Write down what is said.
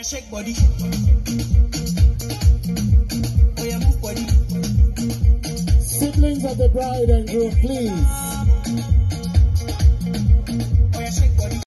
yeah, shake body. Oh yeah, move body. Siblings of the bride and groom, please.